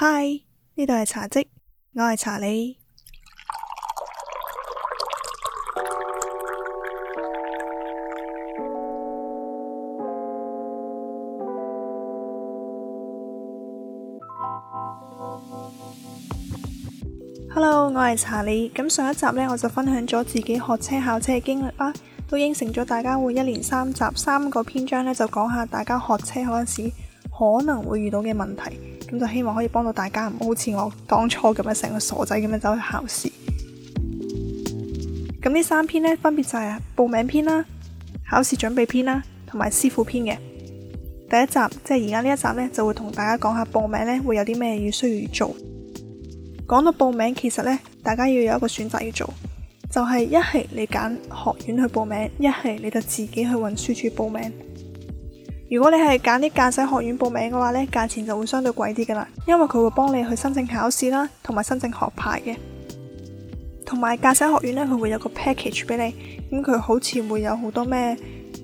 嗨，呢度係茶跡，我係查理。hello，我係查理。咁上一集呢，我就分享咗自己學車考車嘅經歷啦，都應承咗大家會一連三集三個篇章呢，就講下大家學車嗰陣時可能會遇到嘅問題，咁就希望可以幫到大家，唔好似我當初咁樣成個傻仔咁樣走去考試。咁呢三篇呢，分別就係報名篇啦、考試準備篇啦，同埋師傅篇嘅第一集，即係而家呢一集呢，就會同大家講下報名呢會有啲咩要需要做。講到報名，其實呢，大家要有一個選擇要做，就係一係你揀學院去報名，一係你就自己去運輸處報名。如果你係揀啲駕駛學院報名嘅話呢，價錢就會相對貴啲㗎喇，因為佢會幫你去申請考試啦，同埋申請學牌嘅。同埋駕駛學院呢，佢會有個 package 俾你，咁、嗯、佢好似會有好多咩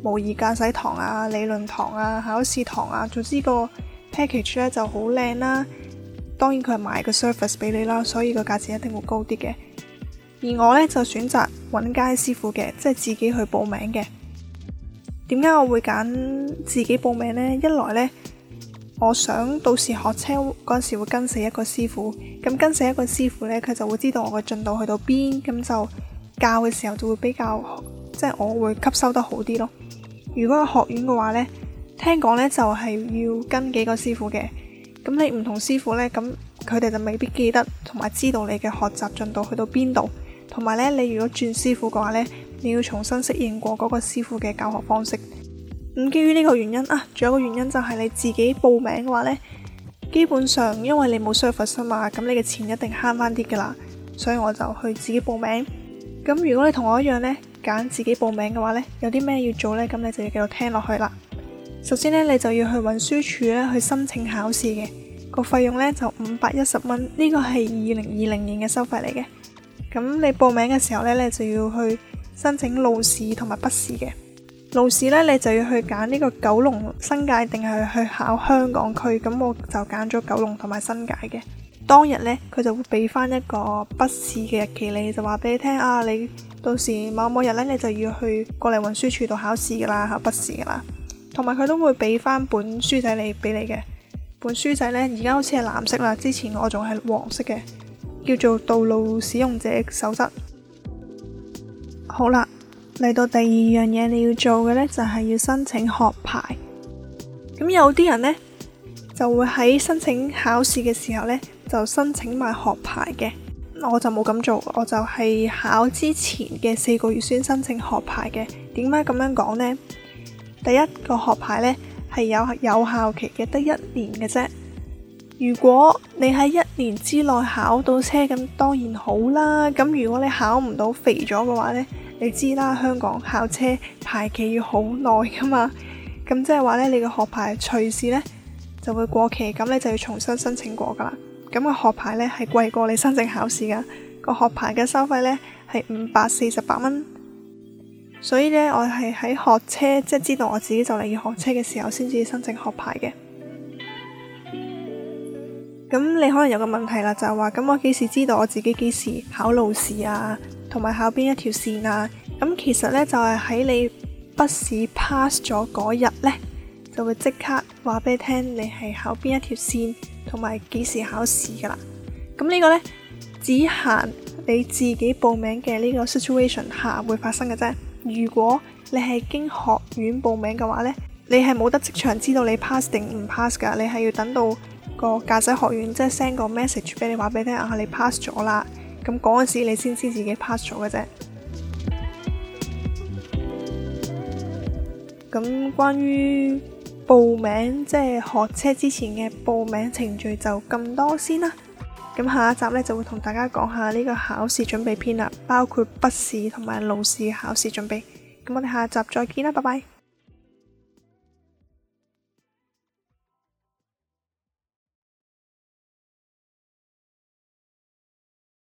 模擬駕駛堂啊、理論堂啊、考試堂啊，總之個 package 呢就好靚啦。當然佢係賣個 service 俾你啦，所以個價錢一定會高啲嘅。而我呢，就選擇揾街師傅嘅，即係自己去報名嘅。點解我會揀自己報名呢？一來呢，我想到時學車嗰時會跟死一個師傅，咁跟死一個師傅呢，佢就會知道我嘅進度去到邊，咁就教嘅時候就會比較，即係我會吸收得好啲咯。如果係學院嘅話呢，聽講呢就係要跟幾個師傅嘅，咁你唔同師傅呢，咁佢哋就未必記得同埋知道你嘅學習進度去到邊度，同埋呢，你如果轉師傅嘅話呢。你要重新適應過嗰個師傅嘅教學方式。咁、嗯，基於呢個原因啊，仲有一個原因就係你自己報名嘅話呢，基本上因為你冇 service 嘛，咁你嘅錢一定慳翻啲噶啦。所以我就去自己報名。咁如果你同我一樣呢，揀自己報名嘅話呢，有啲咩要做呢？咁你就要繼續聽落去啦。首先呢，你就要去運輸署咧去申請考試嘅個費用呢，就五百一十蚊。呢個係二零二零年嘅收費嚟嘅。咁你報名嘅時候呢，你就要去。申請路試同埋筆試嘅路試呢，你就要去揀呢個九龍新界定係去考香港區，咁我就揀咗九龍同埋新界嘅。當日呢，佢就會俾翻一個筆試嘅日期你，你就話俾你聽啊，你到時某某日呢，你就要去過嚟運輸處度考試噶啦，考筆試噶啦，同埋佢都會俾翻本書仔你俾你嘅。本書仔呢，而家好似係藍色啦，之前我仲係黃色嘅，叫做《道路使用者守則》。好啦，嚟到第二樣嘢你要做嘅咧，就係要申請學牌。咁有啲人咧就會喺申請考試嘅時候咧就申請埋學牌嘅，我就冇咁做，我就係考之前嘅四個月先申請學牌嘅。點解咁樣講咧？第一個學牌咧係有有效期嘅，得一年嘅啫。如果你喺一年之內考到車咁當然好啦，咁如果你考唔到肥咗嘅話呢，你知啦，香港考車排期要好耐噶嘛，咁即係話呢，你個學牌隨時呢就會過期，咁你就要重新申請過噶啦。咁、個學牌呢係貴過你申請考試噶，個學牌嘅收費呢係五百四十八蚊，所以呢，我係喺學車即係、就是、知道我自己就嚟要學車嘅時候先至申請學牌嘅。咁你可能有個問題啦，就係話咁我幾時知道我自己幾時考路試啊，同埋考邊一條線啊？咁其實呢，就係喺你筆試 pass 咗嗰日呢，就會即刻話俾你聽你係考邊一條線同埋幾時考試噶啦。咁呢個呢，只限你自己報名嘅呢個 situation 下會發生嘅啫。如果你係經學院報名嘅話呢，你係冇得即場知道你 pass 定唔 pass 噶，你係要等到，個駕駛學院即係 send 個 message 俾你，話俾你聽啊，你 pass 咗啦。咁嗰陣時你先知自己 pass 咗嘅啫。咁 關於報名，即係學車之前嘅報名程序就咁多先啦。咁下一集呢，就會同大家講下呢個考試準備篇啦，包括筆試同埋路試嘅考試準備。咁我哋下一集再見啦，拜拜。